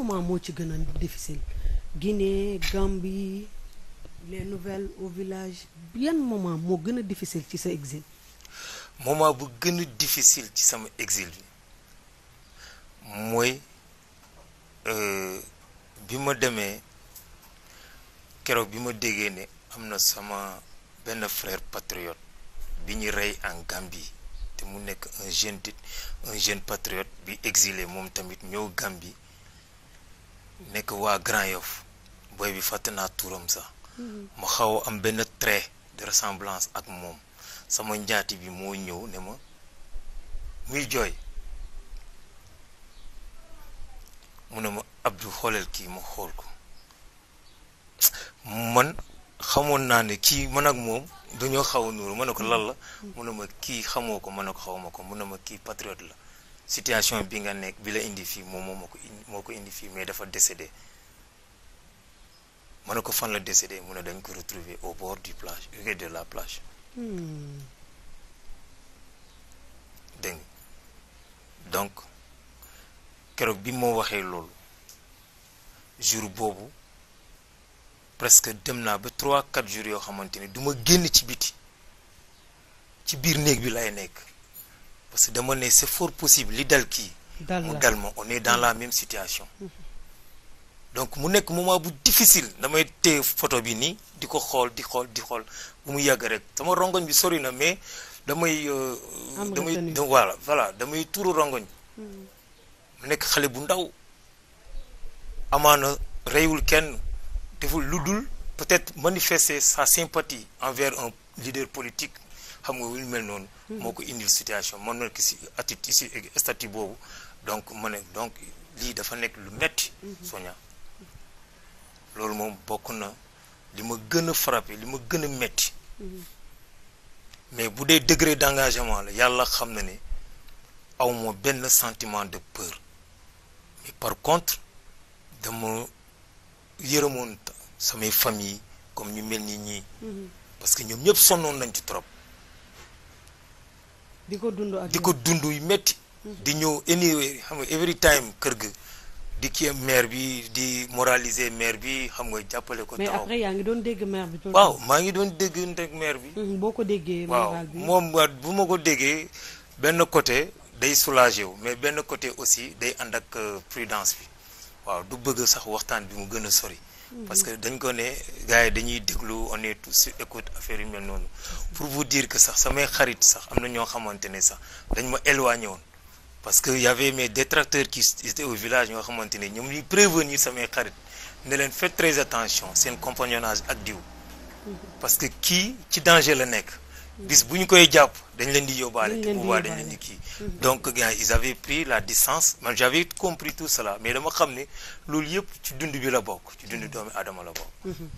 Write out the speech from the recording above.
moment moo ci gën a difficile Guinée Gambie les nouvelles au village yan moment moo gën a difficile ci sa exil moment bu gën a difficile ci sama exil bi mooy euh, bi ma demee keroog bi ma déggee ne am na sama benn frère patriote bi ñu rey en Gambie te mu nekk un jeune un jeune patriote bi exilé moom tamit ñëw Gambie nekk waa Grand Yoff booy bi fàtte naa tuuram sax ma mm-hmm. xaw a am benn trait de ressemblance ak moom sama njaati bi moo ñëw ne ma muy jooy mu ne ma Abdou xooleel kii ma xool ko man xamoon naa ne kii man ak moom dañoo xaw a nuuru ma ne ko lan la mm-hmm. mu ne ma kii xamoo ko ma ne ko xaw ma ko mu ne ma kii patriote la situation bi nga nekk bi la indi fii moom moo ko moo ko indi fii mais dafa décédé ma ne ko fan la décédé mu ne dañ ko retrouver au bord du plage de la plage. Hmm. dégg donc keroog bi moo waxee loolu jour boobu presque dem naa ba trois quatre jours yoo xamante ni du ma génn ci biti ci biir néeg bi lay nekk. parce que dama ne c'est fort possible li dal kii mu dal ma on est dans la même situation donc mu nekk moment bu difficile damay téye photo bi nii di ko xool di xool di xool bu mu yàgg rek sama rongoñ bi sori na mais damay euh, damay voilà damay tuuru rongoñ hmm. mu nekk xale bu ndaw amaana reyul kenn deful lu dul peut-être manifester sa sympathie envers un leader politique xam nga wu mel noonu. Hmm. moo ko indil situation mën na ki si attitude si statut boobu donc ma ne donc lii dafa nekk lu metti hmm. soña loolu moom bokk na li ma gën a frappé li ma gën a metti hmm. mais bu dee degré d'engagement la yàlla xam na ne aw ma benn sentiment de peur mais par contre dama yërëmoon samay fami comme ñu mel nii ñii parce que ñoom ñëpp sonnoon nañ ci trop di ko dund ak di ko dund yu métti. Mhm. di ñëw anyway xam nga every time kër gi di kii maire bi di moraliser maire bi xam nga jàppale ko. mais après yaa ngi doon dégg maire bi. waaw maa ngi doon dégg ndeg maire bi. Mhm, boo ko déggee. moral bi waaw moom bu ma ko déggee benn côté day soulager wu mais benn côté aussi day ànd ak euh, prudence bi waaw du bëgg sax waxtaan bi mu gën a sori. parce que dañ ko ne gars yi dañuy déglu on est tous sur écoute affaire yu mel noonu pour vous dire que sax samay xarit sax am na ñoo xamante ne sax dañ ma éloigné woon parce que y avait mes détracteurs qui étaient au village ñoo xamante ne ñoom ñuy prévenir samay xarit ne leen faites très attention seen compagnonnage ak diw mhm. parce que kii ci danger la nekk bis bu ñu koy jàpp dañ leen di yóbbaale te boobaa dañ leen di kii mhm. donc gars ils avaient pris la distance man j'avais compris tout cela mais dama xam ne loolu yëpp ci dund bi la bokk ci dund doomi aadama la bokk mhm.